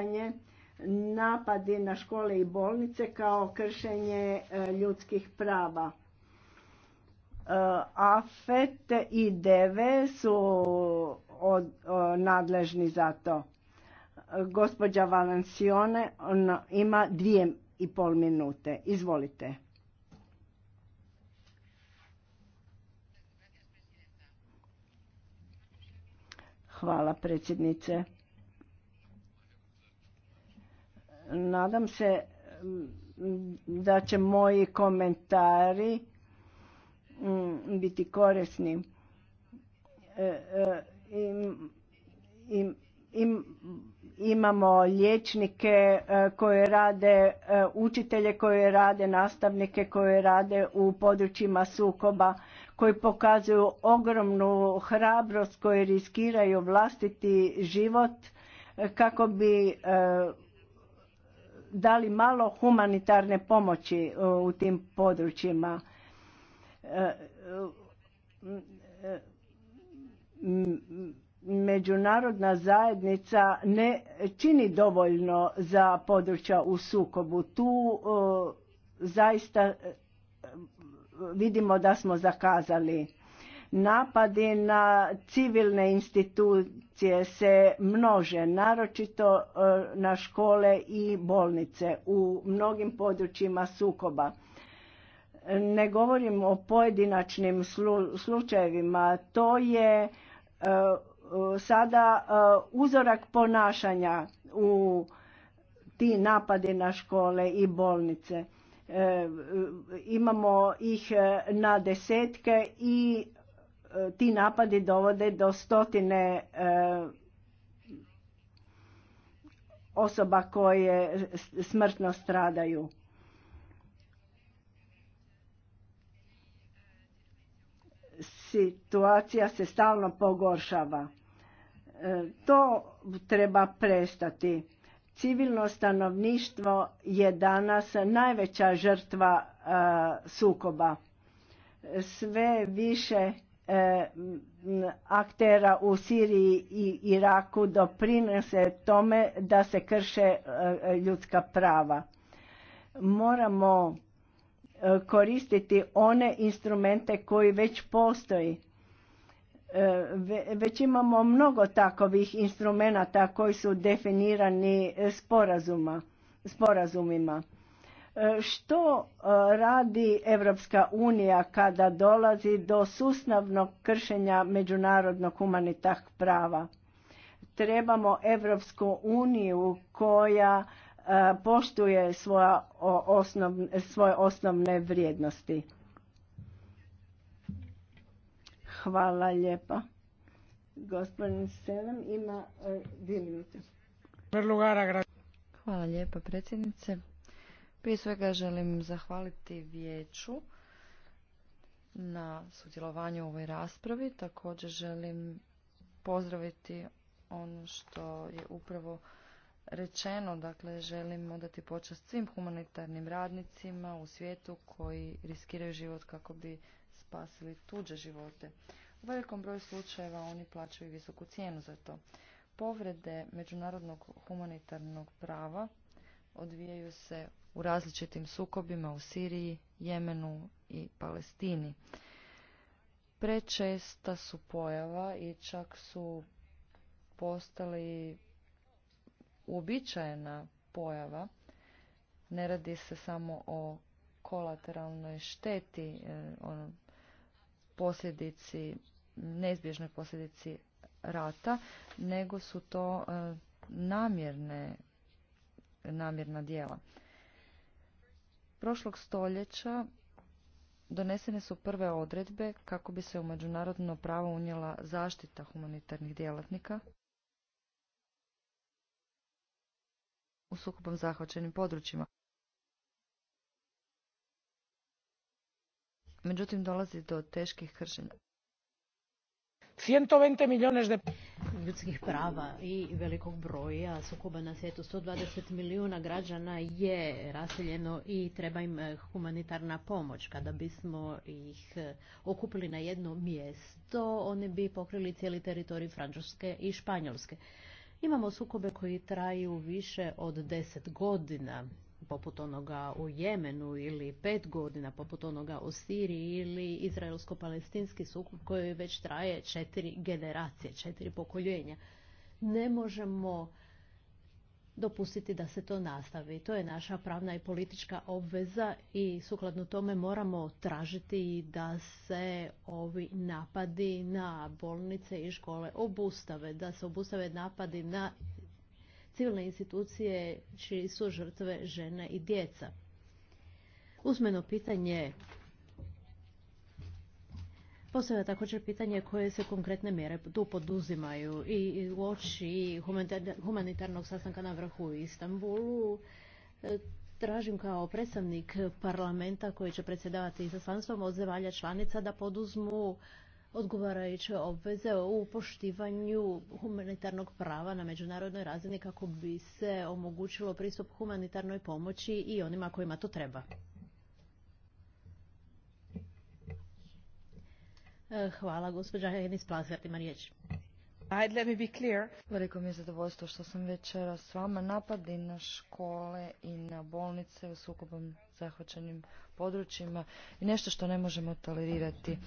pitanje napadi na škole i bolnice kao kršenje e, ljudskih prava. E, AFET i DEVE su nadležni za to. E, gospođa Valencione ima dvije i pol minute. Izvolite. Hvala predsjednice. Nadam se mm, da će moji komentari mm, biti korisni. E, e, imamo liječnike e, koje rade, učitelje koje rade, nastavnike koje rade u područjima sukoba, koji pokazuju ogromnu hrabrost, koji riskiraju vlastiti život kako bi dali malo humanitarne pomoći e, u tim područjima. E, e, međunarodna zajednica ne čini dovoljno za područja u sukobu. Tu zaista vidimo da smo zakazali Napadi na civilne institucije se množe, naročito e, na škole i bolnice u mnogim područjima sukoba. Ne govorim o pojedinačnim slučajevima, to je e, sada e, uzorak ponašanja u ti napadi na škole i bolnice. Imamo ih na desetke i Eh, ti napadi dovode do stotine eh, osoba koje smrtno stradaju. Situacija se stalno pogoršava. Eh, to treba prestati. Civilno stanovništvo je danas najveća žrtva sukoba. Sve više E, aktera u Siriji i Iraku doprinose tome da se krše e, e, ljudska prava. Moramo koristiti one instrumente koji već postoji. Već imamo mnogo takovih instrumenta koji su definirani sporazumima E, što e, radi Evropska unija kada dolazi do sustavnog kršenja međunarodnog humanitarnog prava? Trebamo Evropsku uniju koja e, poštuje svoje osnovne vrijednosti. Hvala lijepa. Gospodin Selem ima dvije minute. Hvala lijepa predsjednice. Prije svega želim zahvaliti vijeću na sudjelovanju u ovoj raspravi. Također želim pozdraviti ono što je upravo rečeno. Dakle, želim odati počast svim humanitarnim radnicima u svijetu koji riskiraju život kako bi spasili tuđe živote. U velikom broju slučajeva oni plaćaju visoku cijenu za to. Povrede međunarodnog humanitarnog prava odvijaju se u različitim sukobima u Siriji, Jemenu i Palestini. Prečesta su pojava i čak su postali uobičajena pojava. Ne radi se samo o kolateralnoj šteti, e, ono, posljedici, neizbježnoj posljedici rata, nego su to e, namjerne, namjerna djela. Prošlog stoljeća donesene su prve odredbe kako bi se u međunarodno pravo unijela zaštita humanitarnih djelatnika u sukobom zahvaćenim područjima. Međutim, dolazi do teških kršenja ciento veinte millones de ljudskih prava i velikog broja sukoba na svijetu. 120 milijuna građana je raseljeno i treba im eh, humanitarna pomoć. Kada bismo ih eh, okupili na jedno mjesto, oni bi pokrili cijeli teritorij Francuske i Španjolske. Imamo sukobe koji traju više od deset godina poput onoga u Jemenu ili pet godina poput onoga u Siriji ili izraelsko-palestinski sukob koji već traje četiri generacije, četiri pokoljenja. Ne možemo dopustiti da se to nastavi. To je naša pravna i politička obveza i sukladno tome moramo tražiti da se ovi napadi na bolnice i škole obustave, da se obustave napadi na civilne institucije čiji su žrtve žene i djeca. Usmeno pitanje postavlja također pitanje koje se konkretne mjere tu poduzimaju i u oči humanitarnog sastanka na vrhu u Istanbulu. E, tražim kao predstavnik parlamenta koji će predsjedavati izaslanstvom od zemalja članica da poduzmu odgovarajuće obveze u poštivanju humanitarnog prava na međunarodnoj razini kako bi se omogućilo pristup humanitarnoj pomoći i onima kojima to treba. E, hvala, gospođa Henis Plasvert, riječ. Veliko mi je zadovoljstvo što sam večera s vama. Napadi na škole i na bolnice u sukobom zahvaćenim područjima i nešto što ne možemo tolerirati.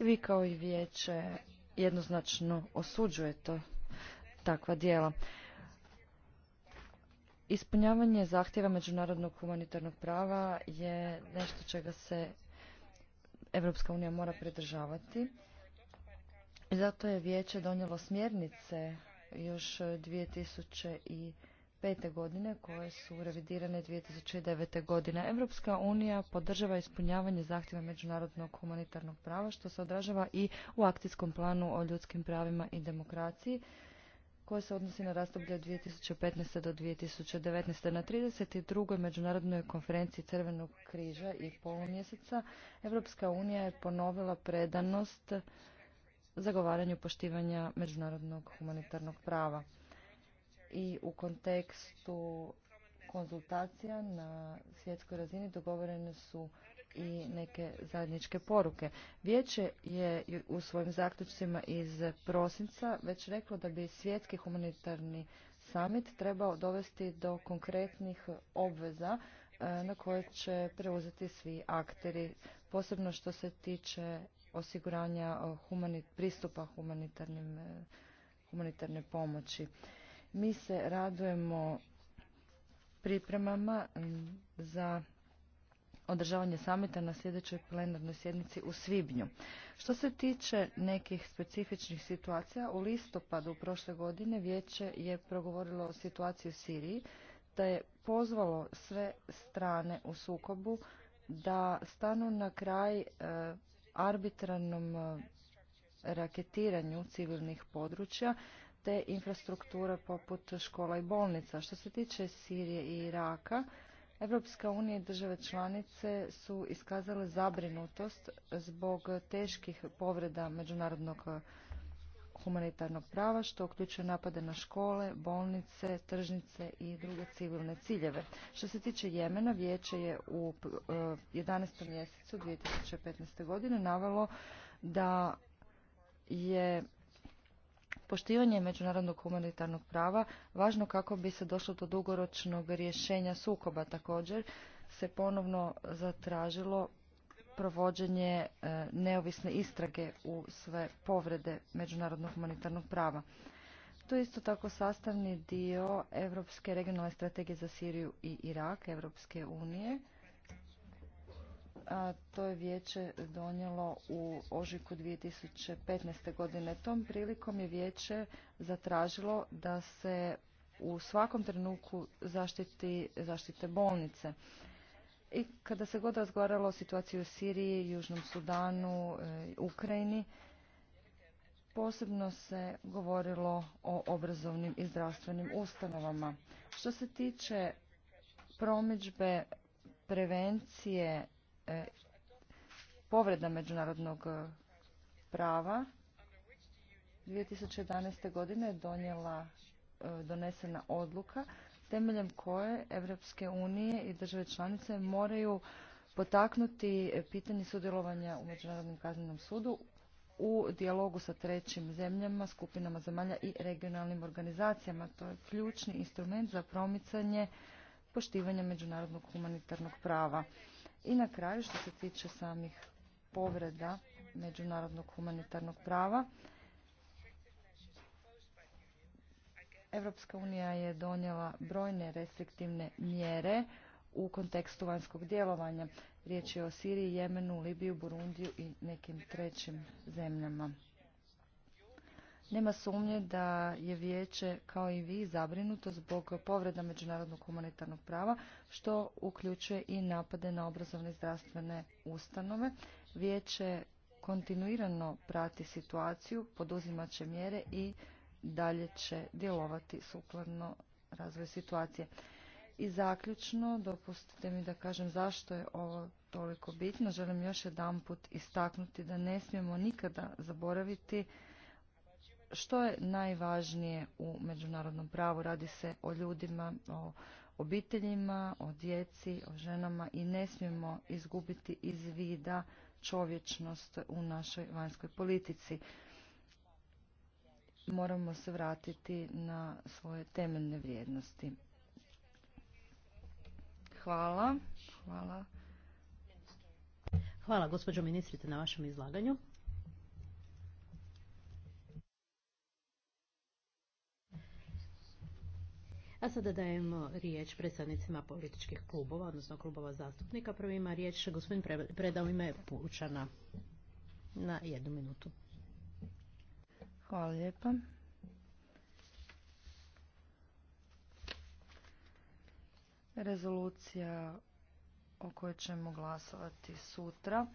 Vi kao i vijeće jednoznačno osuđujete takva dijela. Ispunjavanje zahtjeva međunarodnog humanitarnog prava je nešto čega se Evropska unija mora pridržavati. Zato je vijeće donijelo smjernice još 2000 i 2005. godine koje su revidirane 2009. godine. Europska unija podržava ispunjavanje zahtjeva međunarodnog humanitarnog prava što se odražava i u akcijskom planu o ljudskim pravima i demokraciji koje se odnosi na razdoblje od 2015. do 2019. Na 32. međunarodnoj konferenciji Crvenog križa i polumjeseca Europska unija je ponovila predanost zagovaranju poštivanja međunarodnog humanitarnog prava i u kontekstu konzultacija na svjetskoj razini dogovorene su i neke zajedničke poruke. Vijeće je u svojim zaključcima iz prosinca već reklo da bi svjetski humanitarni summit trebao dovesti do konkretnih obveza e, na koje će preuzeti svi akteri, posebno što se tiče osiguranja pristupa humanitarnoj e, humanitarne pomoći. Mi se radujemo pripremama za održavanje samita na sljedećoj plenarnoj sjednici u Svibnju. Što se tiče nekih specifičnih situacija, u listopadu prošle godine vijeće je progovorilo o situaciji u Siriji, da je pozvalo sve strane u sukobu da stanu na kraj e, arbitranom e, raketiranju civilnih područja te infrastrukture poput škola i bolnica. Što se tiče Sirije i Iraka, Evropska unija i države članice su iskazale zabrinutost zbog teških povreda međunarodnog humanitarnog prava, što uključuje napade na škole, bolnice, tržnice i druge civilne ciljeve. Što se tiče Jemena, vijeće je u 11. Eh, mjesecu 2015. godine navelo da je poštivanje međunarodnog humanitarnog prava važno kako bi se došlo do dugoročnog rješenja sukoba. Također se ponovno zatražilo provođenje e, neovisne istrage u sve povrede međunarodnog humanitarnog prava. To je isto tako sastavni dio Europske regionalne strategije za Siriju i Irak, Europske unije a to je vijeće donijelo u ožiku 2015. godine. Tom prilikom je vijeće zatražilo da se u svakom trenutku zaštiti, zaštite bolnice. I kada se god razgovaralo o situaciji u Siriji, Južnom Sudanu, e, Ukrajini, posebno se govorilo o obrazovnim i zdravstvenim ustanovama. Što se tiče promičbe prevencije E, povreda međunarodnog e, prava 2011. godine donijela e, donesena odluka temeljem koje Evropske unije i države članice moraju potaknuti pitanje sudjelovanja u Međunarodnom kaznenom sudu u dijalogu sa trećim zemljama, skupinama zemalja i regionalnim organizacijama. To je ključni instrument za promicanje poštivanja međunarodnog humanitarnog prava. I na kraju što se tiče samih povreda međunarodnog humanitarnog prava, Evropska unija je donijela brojne restriktivne mjere u kontekstu vanjskog djelovanja. Riječ je o Siriji, Jemenu, Libiju, Burundiju i nekim trećim zemljama. Nema sumnje da je vijeće kao i vi zabrinuto zbog povreda međunarodnog humanitarnog prava što uključuje i napade na obrazovne i zdravstvene ustanove. Vijeće kontinuirano prati situaciju, poduzimat će mjere i dalje će djelovati sukladno razvoju situacije. I zaključno, dopustite mi da kažem zašto je ovo toliko bitno. Želim još jedanput istaknuti da ne smijemo nikada zaboraviti što je najvažnije u međunarodnom pravu. Radi se o ljudima, o obiteljima, o djeci, o ženama i ne smijemo izgubiti iz vida čovječnost u našoj vanjskoj politici. Moramo se vratiti na svoje temeljne vrijednosti. Hvala. Hvala. Hvala gospođo ministrice na vašem izlaganju. A sada dajemo riječ predstavnicima političkih klubova, odnosno klubova zastupnika. Prvi ima riječ gospodin Predao ime Pučana na jednu minutu. Hvala lijepa. Rezolucija o kojoj ćemo glasovati sutra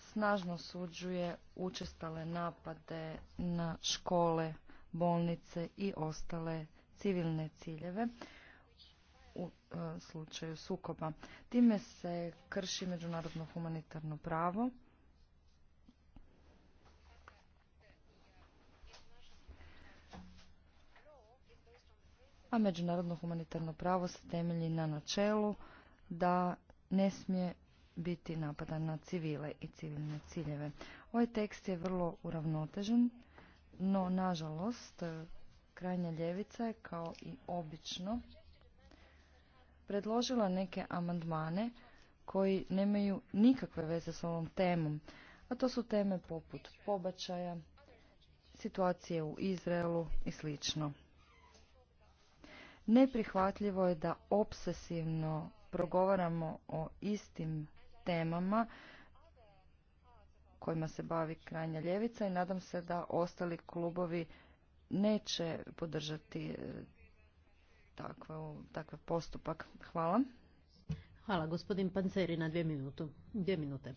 snažno suđuje učestale napade na škole, bolnice i ostale civilne ciljeve u e, slučaju sukoba. Time se krši međunarodno humanitarno pravo. A međunarodno humanitarno pravo se temelji na načelu da ne smije biti napada na civile i civilne ciljeve. Ovaj tekst je vrlo uravnotežen, no nažalost krajnja ljevica je, kao i obično, predložila neke amandmane koji nemaju nikakve veze s ovom temom, a to su teme poput pobačaja, situacije u Izraelu i sl. Neprihvatljivo je da obsesivno progovaramo o istim temama kojima se bavi krajnja ljevica i nadam se da ostali klubovi neće podržati e, takav, takav postupak. Hvala. Hvala, gospodin Panceri, na dvije, minutu, minute.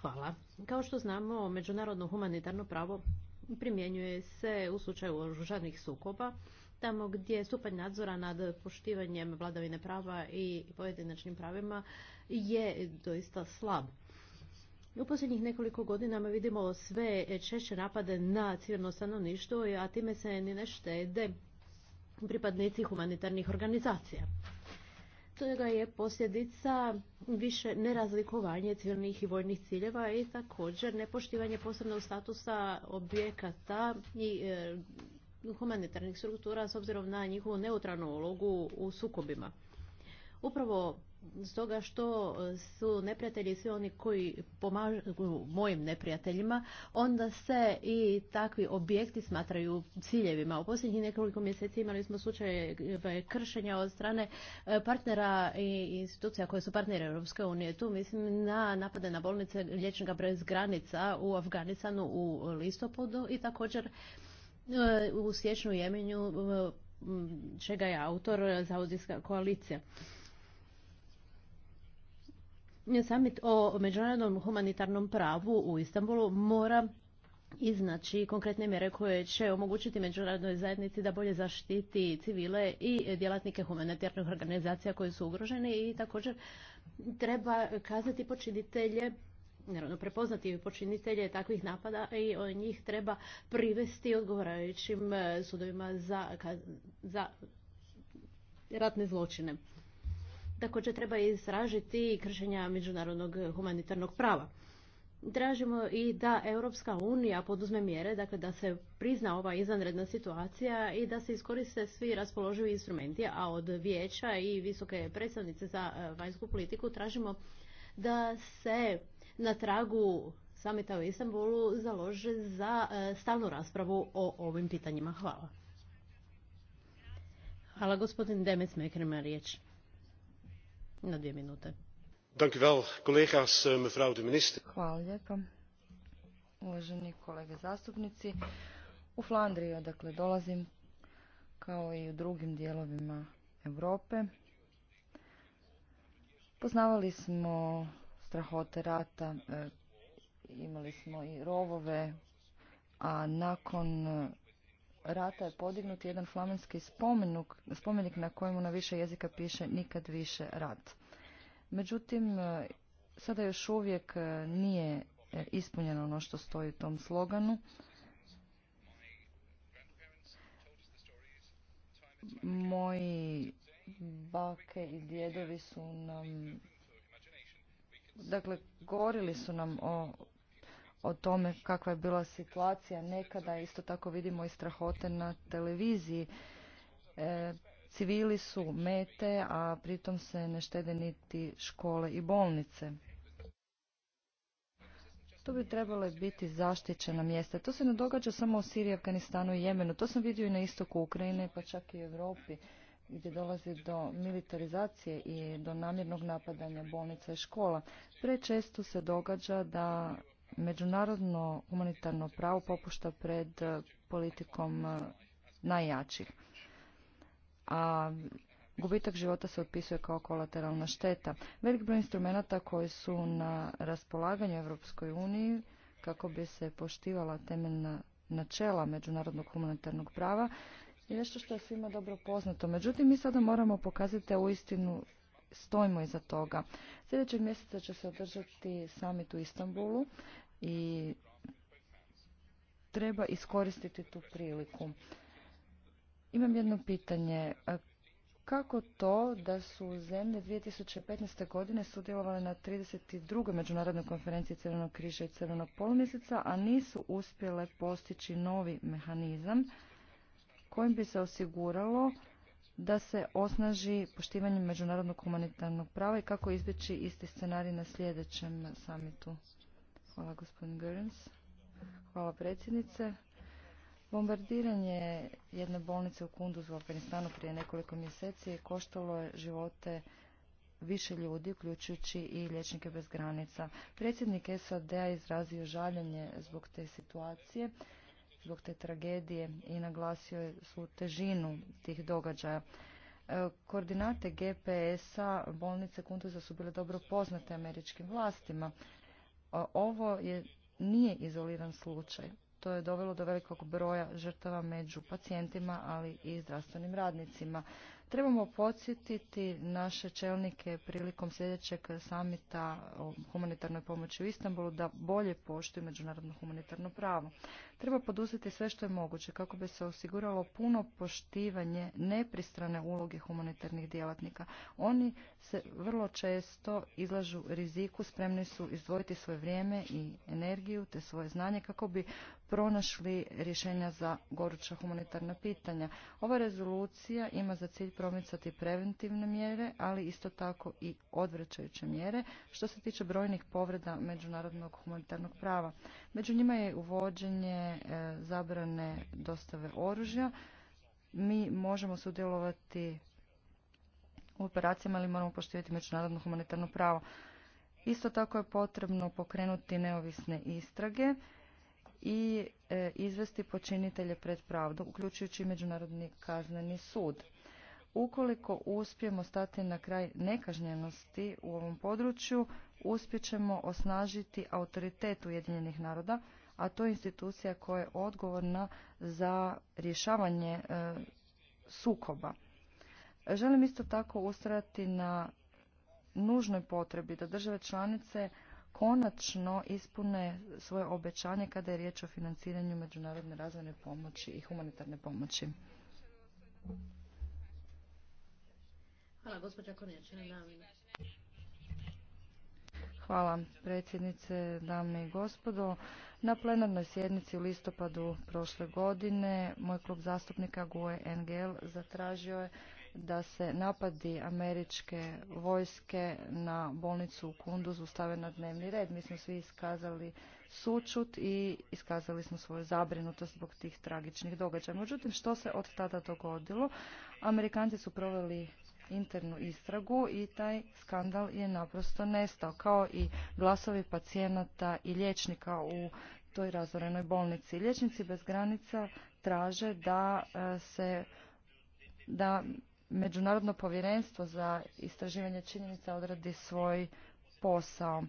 Hvala. Kao što znamo, međunarodno humanitarno pravo primjenjuje se u slučaju oružanih sukoba, tamo gdje stupanj nadzora nad poštivanjem vladavine prava i pojedinačnim pravima je doista slab. U posljednjih nekoliko godina vidimo sve češće napade na civilno stanovništvo, a time se ni ne štede pripadnici humanitarnih organizacija. Toga je posljedica više nerazlikovanje civilnih i vojnih ciljeva i također nepoštivanje posebnog statusa objekata i e, humanitarnih struktura s obzirom na njihovu neutralnu ulogu u sukobima. Upravo stoga što e, su neprijatelji svi oni koji pomažu mojim neprijateljima, onda se i takvi objekti smatraju ciljevima. U posljednjih nekoliko mjeseci imali smo slučaje kršenja od strane e, partnera i institucija koje su partneri Europske unije. Tu mislim na napade na bolnice liječnika brez granica u Afganistanu u listopadu i također e, u siječnju Jemenju čega je autor Zaudijska koalicija. Samit o međunarodnom humanitarnom pravu u Istanbulu mora iznaći konkretne mjere koje će omogućiti međunarodnoj zajednici da bolje zaštiti civile i djelatnike humanitarnih organizacija koji su ugroženi i također treba kazati počinitelje naravno prepoznati počinitelje takvih napada i o njih treba privesti odgovarajućim sudovima za, za ratne zločine. Također treba istražiti kršenja međunarodnog humanitarnog prava. Tražimo i da Europska unija poduzme mjere, dakle da se prizna ova izvanredna situacija i da se iskoriste svi raspoloživi instrumenti, a od vijeća i visoke predstavnice za e, vanjsku politiku tražimo da se na tragu samita u Istanbulu založe za e, stalnu raspravu o ovim pitanjima. Hvala. Hvala gospodin Demet Mekrema riječ na dvije minute. Eh, Uvaženi kolege zastupnici, u Flandriji odakle dolazim, kao i u drugim dijelovima Europe, poznavali smo strahote rata, eh, imali smo i rovove, a nakon rata je podignut jedan flamenski spomenuk, spomenik na kojemu na više jezika piše nikad više rat. Međutim, e, sada još uvijek e, nije e, ispunjeno ono što stoji u tom sloganu. Moji bake i djedovi su nam dakle, govorili su nam o o tome kakva je bila situacija nekada. Isto tako vidimo i strahote na televiziji. E, civili su mete, a pritom se ne štede niti škole i bolnice. To bi trebalo biti zaštićena mjesta. To se ne događa samo u Siriji, Afganistanu i Jemenu. To sam vidio i na istoku Ukrajine, pa čak i u Europi, gdje dolazi do militarizacije i do namjernog napadanja bolnica i škola. Prečesto se događa da međunarodno humanitarno pravo popušta pred eh, politikom eh, najjačih. A gubitak života se otpisuje kao kolateralna šteta. Velik broj instrumenata koji su na raspolaganju Europskoj uniji kako bi se poštivala temeljna načela međunarodnog humanitarnog prava je nešto što je svima dobro poznato. Međutim, mi sada moramo pokazati da uistinu stojimo iza toga. Sljedećeg mjeseca će se održati summit u Istanbulu i treba iskoristiti tu priliku. Imam jedno pitanje. Kako to da su zemlje 2015. godine sudjelovale na 32. međunarodnoj konferenciji Crvenog križa i Crvenog polumjeseca, a nisu uspjele postići novi mehanizam kojim bi se osiguralo da se osnaži poštivanje međunarodnog humanitarnog prava i kako izbjeći isti scenarij na sljedećem samitu Hvala gospodin Gerens. Hvala predsjednice. Bombardiranje jedne bolnice u Kunduzu u Afganistanu prije nekoliko mjeseci koštalo je živote više ljudi, uključujući i liječnike bez granica. Predsjednik SAD-a izrazio žaljenje zbog te situacije, zbog te tragedije i naglasio je svu težinu tih događaja. E, koordinate GPS-a bolnice Kunduza su bile dobro poznate američkim vlastima. Ovo je, nije izoliran slučaj. To je dovelo do velikog broja žrtava među pacijentima, ali i zdravstvenim radnicima. Trebamo podsjetiti naše čelnike prilikom sljedećeg samita o humanitarnoj pomoći u Istanbulu da bolje poštuju međunarodno humanitarno pravo. Treba poduzeti sve što je moguće kako bi se osiguralo puno poštivanje nepristrane uloge humanitarnih djelatnika. Oni se vrlo često izlažu riziku, spremni su izdvojiti svoje vrijeme i energiju te svoje znanje kako bi pronašli rješenja za goruća humanitarna pitanja. Ova rezolucija ima za cilj promicati preventivne mjere, ali isto tako i odvraćajuće mjere što se tiče brojnih povreda međunarodnog humanitarnog prava. Među njima je uvođenje e, zabrane dostave oružja. Mi možemo sudjelovati u operacijama, ali moramo poštivati međunarodno humanitarno pravo. Isto tako je potrebno pokrenuti neovisne istrage i e, izvesti počinitelje pred pravdu, uključujući Međunarodni kazneni sud. Ukoliko uspijemo stati na kraj nekažnjenosti u ovom području, uspjećemo osnažiti autoritet Ujedinjenih naroda, a to je institucija koja je odgovorna za rješavanje e, sukoba. Želim isto tako ustrajati na nužnoj potrebi da države članice konačno ispune svoje obećanje kada je riječ o financiranju međunarodne razvojne pomoći i humanitarne pomoći. Hvala, gospođa Hvala predsjednice, dame i gospodo. Na plenarnoj sjednici u listopadu prošle godine moj klub zastupnika GUE NGL zatražio je da se napadi američke vojske na bolnicu u Kunduzu stave na dnevni red. Mi smo svi iskazali sučut i iskazali smo svoju zabrinutost zbog tih tragičnih događaja. Međutim, što se od tada dogodilo? Amerikanci su proveli internu istragu i taj skandal je naprosto nestao, kao i glasovi pacijenata i liječnika u toj razorenoj bolnici. Liječnici bez granica traže da e, se da Međunarodno povjerenstvo za istraživanje činjenica odradi svoj posao.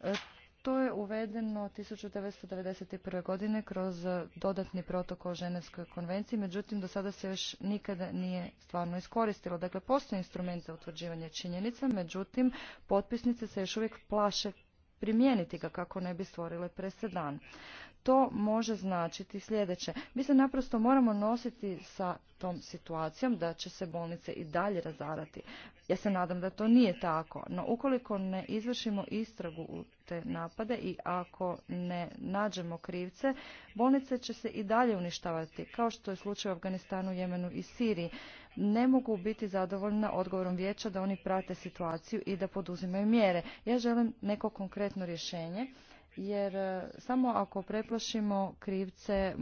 E, to je uvedeno 1991. godine kroz dodatni protokol Ženevskoj konvenciji, međutim do sada se još nikada nije stvarno iskoristilo. Dakle, postoji instrument za utvrđivanje činjenica, međutim, potpisnice se još uvijek plaše primijeniti ga kako ne bi stvorile presedan to može značiti sljedeće. Mi se naprosto moramo nositi sa tom situacijom da će se bolnice i dalje razarati. Ja se nadam da to nije tako, no ukoliko ne izvršimo istragu u te napade i ako ne nađemo krivce, bolnice će se i dalje uništavati, kao što je slučaj u Afganistanu, Jemenu i Siriji. Ne mogu biti zadovoljna odgovorom vijeća da oni prate situaciju i da poduzimaju mjere. Ja želim neko konkretno rješenje jer e, samo ako preplašimo krivce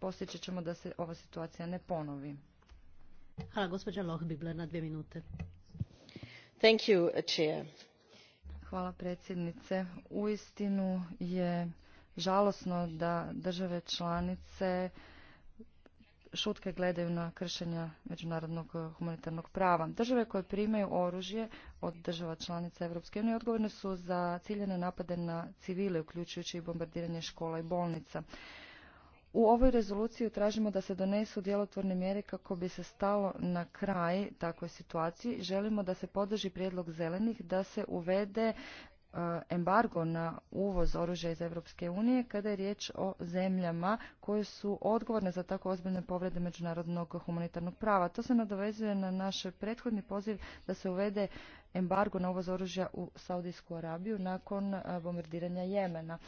postići ćemo da se ova situacija ne ponovi. Hvala gospođa Lohbibler na dvije minute. Thank you, chair. Hvala predsjednice. Uistinu je žalosno da države članice šutke gledaju na kršenja međunarodnog eh, humanitarnog prava. Države koje primaju oružje od država članica Europske unije odgovorne su za ciljene napade na civile, uključujući i bombardiranje škola i bolnica. U ovoj rezoluciji tražimo da se donesu djelotvorne mjere kako bi se stalo na kraj takvoj situaciji. Želimo da se podrži prijedlog zelenih da se uvede Eh, embargo na uvoz oružja iz Europske unije kada je riječ o zemljama koje su odgovorne za tako ozbiljne povrede međunarodnog humanitarnog prava. To se nadovezuje na naš prethodni poziv da se uvede embargo na uvoz oružja u Saudijsku Arabiju nakon eh, bombardiranja Jemena.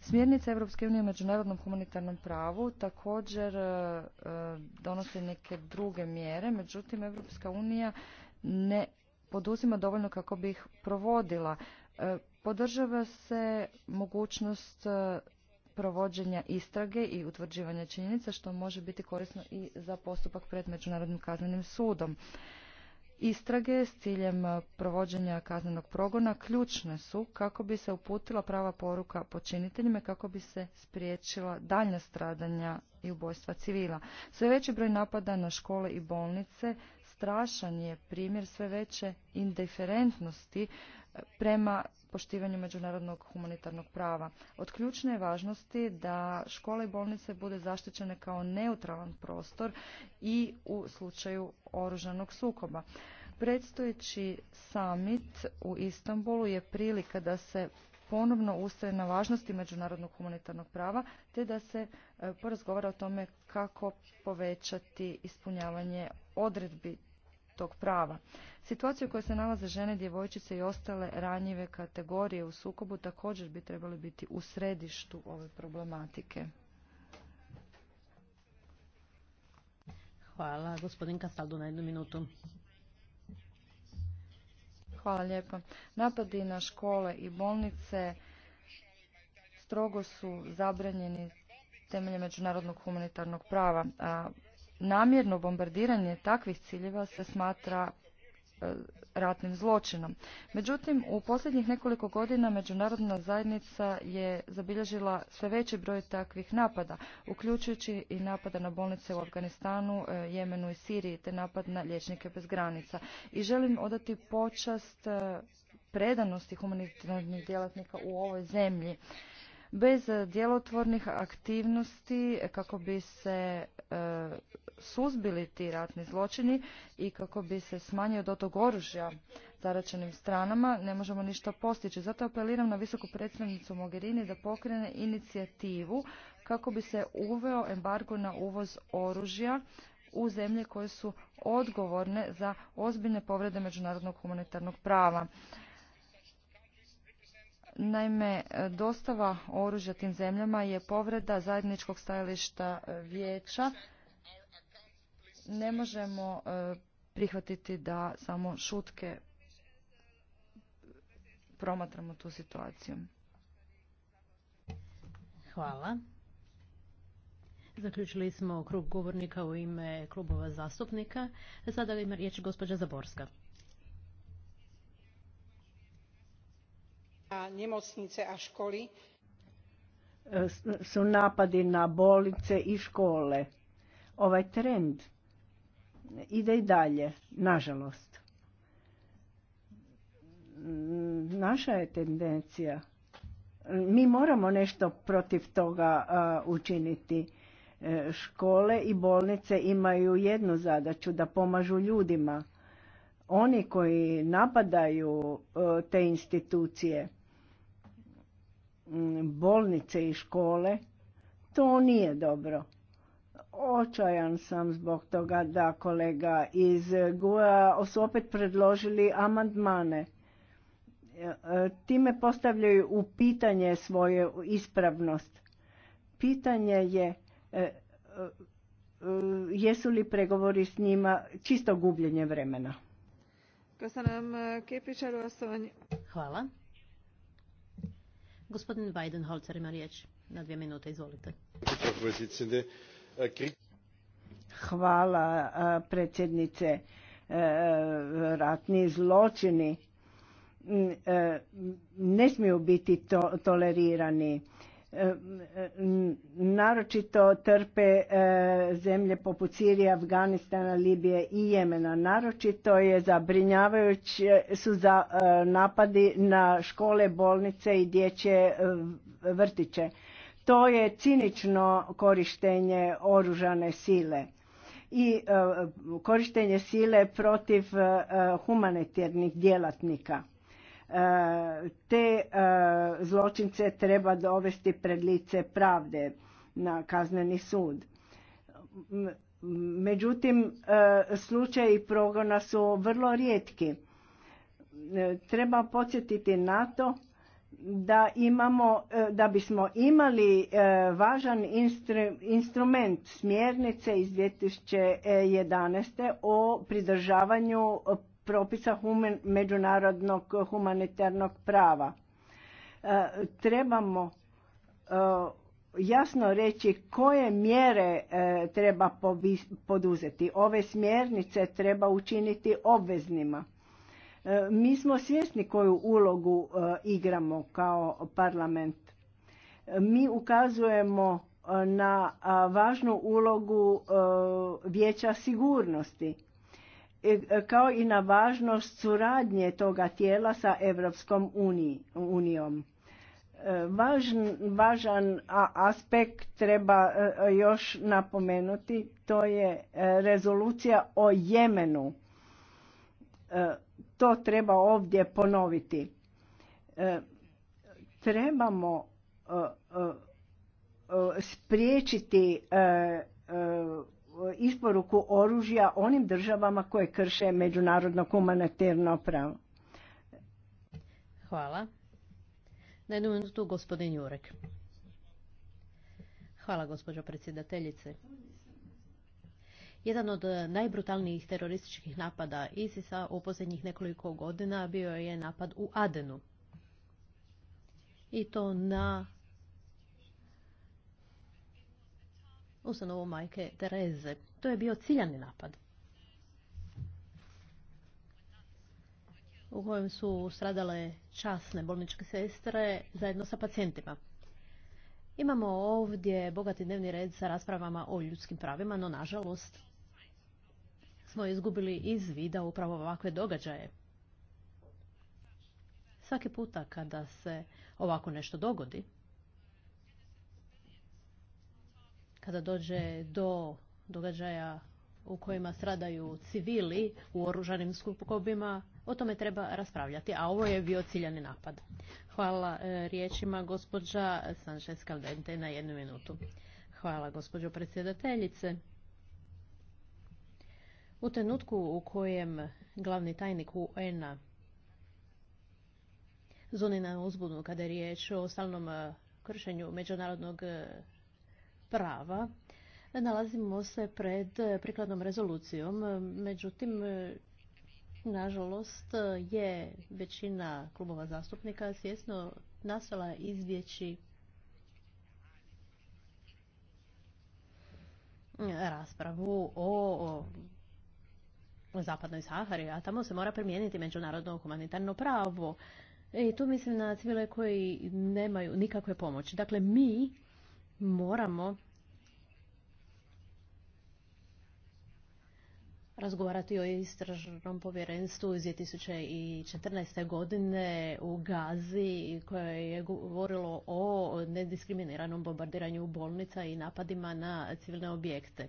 Smjernice Europske unije o međunarodnom humanitarnom pravu također eh, donose neke druge mjere, međutim Europska unija ne poduzima dovoljno kako bi ih provodila. E, podržava se mogućnost e, provođenja istrage i utvrđivanja činjenica što može biti korisno i za postupak pred Međunarodnim kaznenim sudom. Istrage s ciljem e, provođenja kaznenog progona ključne su kako bi se uputila prava poruka počiniteljima kako bi se spriječila daljna stradanja i ubojstva civila. Sve veći broj napada na škole i bolnice strašan je primjer sve veće indiferentnosti prema poštivanju međunarodnog humanitarnog prava. Od ključne je važnosti da škole i bolnice bude zaštićene kao neutralan prostor i u slučaju oružanog sukoba. Predstojeći summit u Istanbulu je prilika da se ponovno ustaje na važnosti međunarodnog humanitarnog prava te da se e, porazgovara o tome kako povećati ispunjavanje odredbi tog prava. Situacija u kojoj se nalaze žene, djevojčice i ostale ranjive kategorije u sukobu također bi trebali biti u središtu ove problematike. Hvala. Gospodin Kastaldo na jednu minutu. Hvala lijepo. Napadi na škole i bolnice strogo su zabranjeni temeljem međunarodnog humanitarnog prava. A namjerno bombardiranje takvih ciljeva se smatra e, ratnim zločinom. Međutim, u posljednjih nekoliko godina međunarodna zajednica je zabilježila sve veći broj takvih napada, uključujući i napada na bolnice u Afganistanu, e, Jemenu i Siriji, te napad na liječnike bez granica. I želim odati počast e, predanosti humanitarnih djelatnika u ovoj zemlji Bez djelotvornih aktivnosti kako bi se e, suzbili ti ratni zločini i kako bi se smanjio dotog oružja zaračenim stranama ne možemo ništa postići. Zato apeliram na visoku predstavnicu Mogherini da pokrene inicijativu kako bi se uveo embargo na uvoz oružja u zemlje koje su odgovorne za ozbiljne povrede međunarodnog humanitarnog prava. Naime, dostava oružja tim zemljama je povreda zajedničkog stajališta e, vijeća. Ne možemo e, prihvatiti da samo šutke promatramo tu situaciju. Hvala. Zaključili smo krug govornika u ime klubova zastupnika. Sada ima riječ gospođa Zaborska. na nemocnice a školy e, su napadi na bolnice i škole. Ovaj trend ide i dalje, nažalost. Mm, naša je tendencija. Mi moramo nešto protiv toga učiniti. E, škole i bolnice imaju jednu zadaću da pomažu ljudima. Oni koji napadaju e, te institucije Mm, bolnice i škole, to nije dobro. Očajan sam zbog toga da kolega iz GUA su opet predložili amandmane. Time postavljaju u pitanje svoje ispravnost. Pitanje je e, e, jesu li pregovori s njima čisto gubljenje vremena. Hvala. Gospodin Weidenholzer ima riječ na dvije minute, izvolite. Hvala e, predsjednice. E, ratni zločini e, ne smiju biti tolerirani naročito trpe e, zemlje poput Sirije, Afganistana, Libije i Jemena. Naročito je zabrinjavajući su za e, napadi na škole, bolnice i dječje e, vrtiće. To je cinično korištenje oružane sile i korištenje sile protiv humanitarnih djelatnika te e, zločince treba dovesti pred lice pravde na kazneni sud. Međutim, e, i progona su vrlo rijetki. E, treba podsjetiti na to da imamo, da bismo imali važan instrument smjernice iz 2011. o pridržavanju propisa međunarodnog humanitarnog prava. E, trebamo e, jasno reći koje mjere e, treba poduzeti. Ove smjernice treba učiniti obveznima. Mi smo svjesni koju ulogu igramo kao parlament. Mi ukazujemo na važnu ulogu vijeća sigurnosti E, kao i na važnost suradnje toga tijela sa Europskom unijom. E, važan, važan aspekt treba e, još napomenuti, to je rezolucija o Jemenu. To treba ovdje ponoviti. Trebamo spriječiti isporuku oružja onim državama koje krše međunarodno humanitarno pravo. Hvala. Na jednu minutu gospodin Jurek. Hvala gospođo predsjedateljice. Jedan od eh, najbrutalnijih terorističkih napada ISIS-a u posljednjih nekoliko godina bio je napad u Adenu. I to na ustanovu majke Tereze. To je bio ciljani napad. u kojem su stradale časne bolničke sestre zajedno sa pacijentima. Imamo ovdje bogati dnevni red sa raspravama o ljudskim pravima, no nažalost smo izgubili iz vida upravo ovakve događaje. Svaki puta kada se ovako nešto dogodi, kada dođe do događaja u kojima stradaju civili u oružanim sukobima, o tome treba raspravljati, a ovo je bio ciljani napad. Hvala e, riječima gospođa Sanchez Caldente na jednu minutu. Hvala gospođo predsjedateljice. U trenutku u kojem glavni tajnik UN-a zoni na uzbudnu kada je riječ o stalnom e, kršenju međunarodnog e, prava nalazimo se pred prikladnom rezolucijom. Međutim, nažalost, je većina klubova zastupnika svjesno nastala izbjeći raspravu o zapadnoj Sahari, a tamo se mora primijeniti međunarodno humanitarno pravo. I tu mislim na civile koji nemaju nikakve pomoći. Dakle, mi moramo razgovarati o istražnom povjerenstvu iz 2014. godine u Gazi koje je govorilo o nediskriminiranom bombardiranju bolnica i napadima na civilne objekte.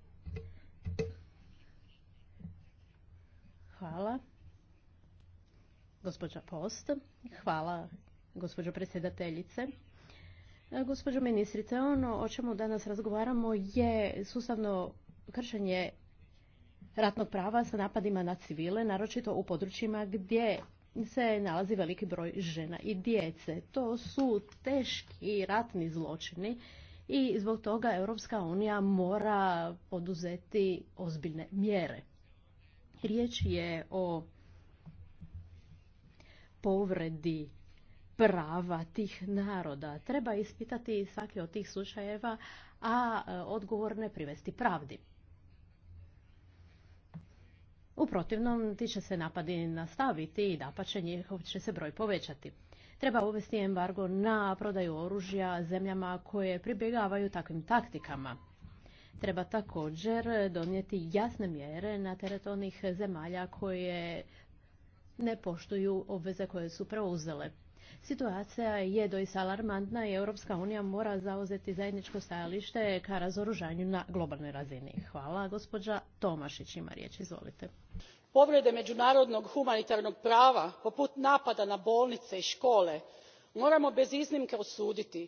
Hvala. Gospođa Post, hvala gospođo predsjedateljice. E, gospođo ministrice, ono o čemu danas razgovaramo je sustavno kršenje ratnog prava sa napadima na civile, naročito u područjima gdje se nalazi veliki broj žena i djece. To su teški ratni zločini i zbog toga Europska unija mora poduzeti ozbiljne mjere. Riječ je o povredi prava tih naroda. Treba ispitati svaki od tih slučajeva, a e, odgovorne privesti pravdi. U protivnom, ti će se napadi nastaviti i dapače njihov će se broj povećati. Treba uvesti embargo na prodaju oružja zemljama koje pribjegavaju takvim taktikama treba također donijeti jasne mjere na teret onih zemalja koje ne poštuju obveze koje su preuzele. Situacija je doista alarmantna i Europska unija mora zauzeti zajedničko stajalište ka razoružanju na globalnoj razini. Hvala. Gospođa Tomašić ima riječ. Izvolite. Povrede međunarodnog humanitarnog prava poput napada na bolnice i škole moramo bez iznimke osuditi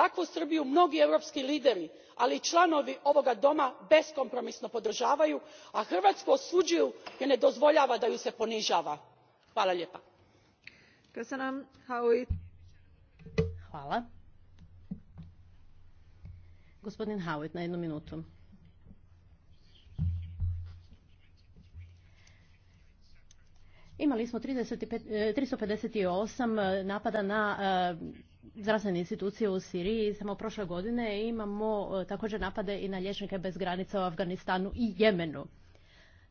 takvu srbiju mnogi europski lideri ali i članovi ovoga doma beskompromisno podržavaju, a hrvatsku osuđuju jer ne dozvoljava da ju se ponižava imali smo eh, tristo fifty eight napada na eh, zdravstvene institucije u Siriji. Samo prošle godine imamo e, također napade i na liječnike bez granica u Afganistanu i Jemenu.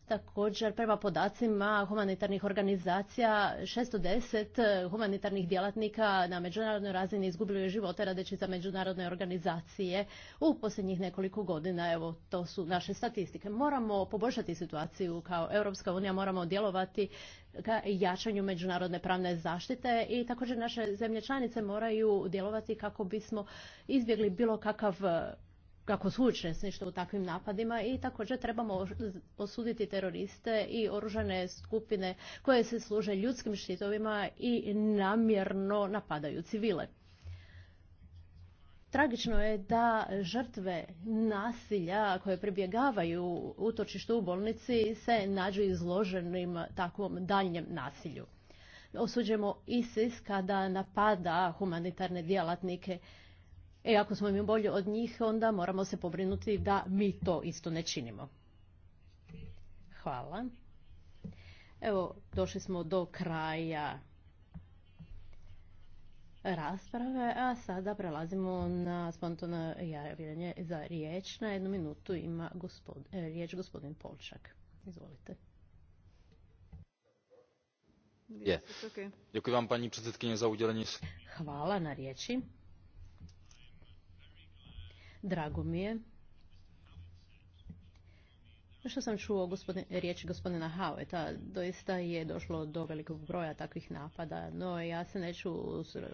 Također, prema podacima humanitarnih organizacija, 610 humanitarnih djelatnika na međunarodnoj razini izgubilo je živote radeći za međunarodne organizacije u posljednjih nekoliko godina. Evo, to su naše statistike. Moramo poboljšati situaciju kao Europska unija, moramo djelovati ka jačanju međunarodne pravne zaštite i također naše zemlje članice moraju djelovati kako bismo izbjegli bilo kakav kako su u takvim napadima i također trebamo osuditi teroriste i oružane skupine koje se služe ljudskim štitovima i namjerno napadaju civile. Tragično je da žrtve nasilja koje pribjegavaju utočištu u bolnici se nađu izloženim takvom daljnjem nasilju. Osuđujemo ISIS kada napada humanitarne djelatnike E, ako smo mi bolji od njih, onda moramo se pobrinuti da mi to isto ne činimo. Hvala. Evo, došli smo do kraja rasprave, a sada prelazimo na spontano javljanje za riječ. Na jednu minutu ima e, riječ gospodin Polčak. Izvolite. za Hvala na riječi. Drago mi je što sam čuo gospodin, riječi gospodina Haueta, doista je došlo do velikog broja takvih napada, no ja se neću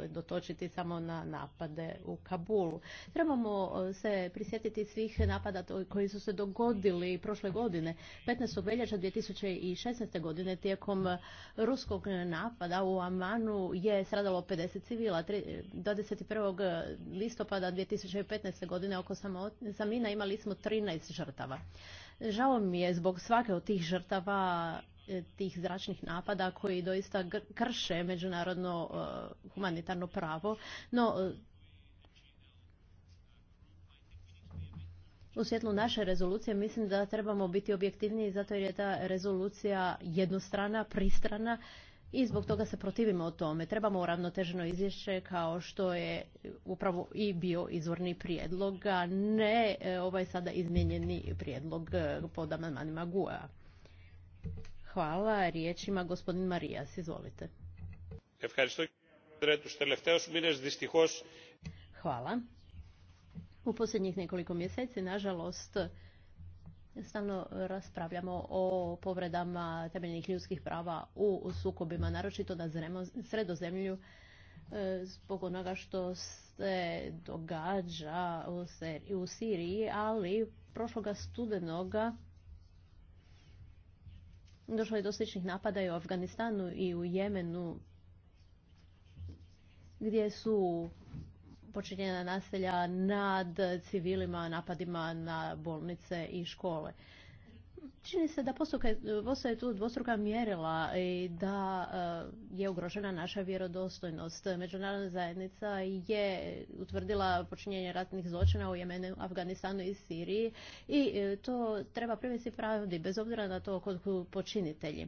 dotočiti samo na napade u Kabulu. Trebamo e, se prisjetiti svih napada koji su se dogodili prošle godine, 15. veljača 2016. godine tijekom e, ruskog napada u Amanu je stradalo 50 civila. 21. E, listopada 2015. godine oko samina imali smo 13 žrtava. Žao mi je zbog svake od tih žrtava e, tih zračnih napada koji doista krše međunarodno e, humanitarno pravo, no e, U svjetlu naše rezolucije mislim da trebamo biti objektivniji zato jer je ta rezolucija jednostrana, pristrana i zbog toga se protivimo o tome. Trebamo uravnoteženo izvješće kao što je upravo i bio izvorni prijedlog, a ne e, ovaj sada izmijenjeni prijedlog e, pod amandmanima GUA. Hvala. Riječ ima gospodin Marijas. Izvolite. Hvala. U posljednjih nekoliko mjeseci, nažalost, stalno e, raspravljamo o povredama temeljnih ljudskih prava u sukobima, naročito na sredozemlju, e, zbog onoga što se događa u Siriji, ali prošloga studenoga došlo je do sličnih napada i u Afganistanu i u Jemenu, gdje su počinjena naselja nad civilima, napadima na bolnice i škole. Čini se da postoje tu dvostruka mjerila i da e, je ugrožena naša vjerodostojnost. Međunarodna zajednica je utvrdila počinjenje ratnih zločina u Jemenu, Afganistanu i Siriji i e, to treba privesti pravdi, bez obzira na to kod počinitelji.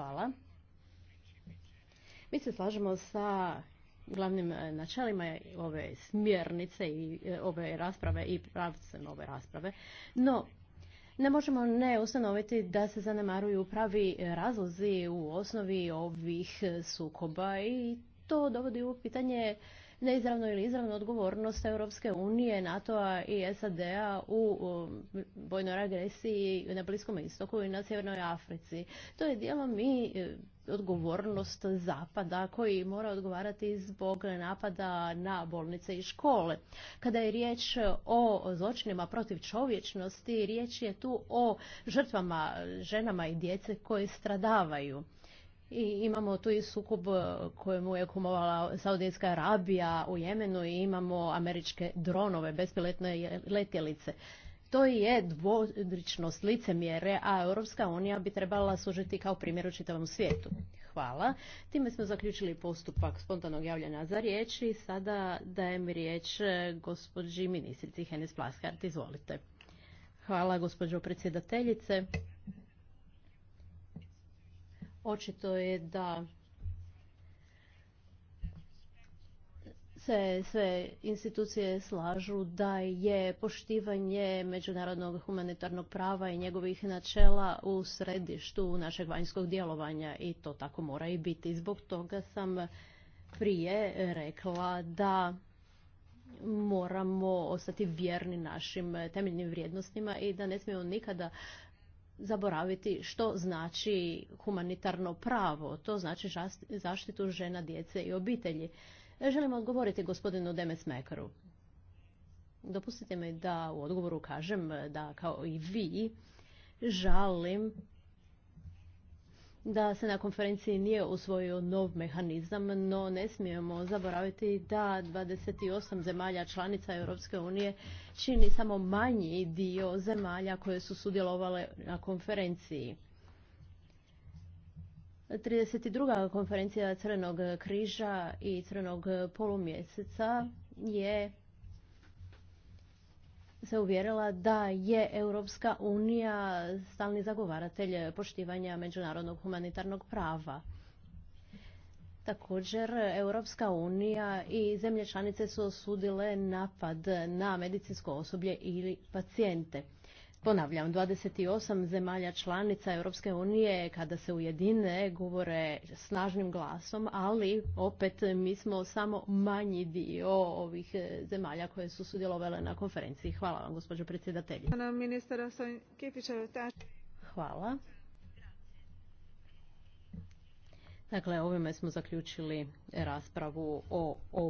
Hvala. Mi se slažemo sa glavnim e, načelima ove smjernice i e, ove rasprave i pravcem ove rasprave, no ne možemo ne ustanoviti da se zanemaruju pravi razlozi u osnovi ovih sukoba i to dovodi u pitanje Neizravno ili izravno odgovornost Europske unije, NATO-a i SAD-a u vojnoj agresiji na Bliskom istoku i na Sjevernoj Africi. To je dijelom i e, odgovornost Zapada koji mora odgovarati zbog napada na bolnice i škole. Kada je riječ o zločinima protiv čovječnosti, riječ je tu o žrtvama, ženama i djece koje stradavaju. I imamo tu i sukob e, kojemu je kumovala Saudijska Arabija u Jemenu i imamo američke dronove, bespiletne letjelice. To je dvodričnost licemjere, a Europska unija bi trebala služiti kao primjer u čitavom svijetu. Hvala. Time smo zaključili postupak spontanog javljanja za riječ i sada dajem riječ e, gospođi ministrici Henes Plaskart. Izvolite. Hvala gospođo predsjedateljice očito je da se sve institucije slažu da je poštivanje međunarodnog humanitarnog prava i njegovih načela u središtu našeg vanjskog djelovanja i to tako mora i biti. Zbog toga sam prije rekla da moramo ostati vjerni našim temeljnim vrijednostima i da ne smijemo nikada zaboraviti što znači humanitarno pravo, to znači zaštitu žena, djece i obitelji. E, želim odgovoriti gospodinu Demes-Mekaru. Dopustite mi da u odgovoru kažem da kao i vi žalim da se na konferenciji nije usvojio nov mehanizam, no ne smijemo zaboraviti da 28 zemalja članica Europske unije čini samo manji dio zemalja koje su sudjelovale na konferenciji. 32. konferencija Crvenog križa i Crvenog polumjeseca je se uvjerila da je Europska unija stalni zagovaratelj poštivanja međunarodnog humanitarnog prava. Također, Europska unija i zemlje članice su osudile napad na medicinsko osoblje ili pacijente. Ponavljam, 28 zemalja članica Europske unije kada se ujedine govore snažnim glasom, ali opet mi smo samo manji dio ovih e, zemalja koje su sudjelovale na konferenciji. Hvala vam, gospođo predsjedatelji Hvala. Dakle, ovime smo zaključili raspravu o ovom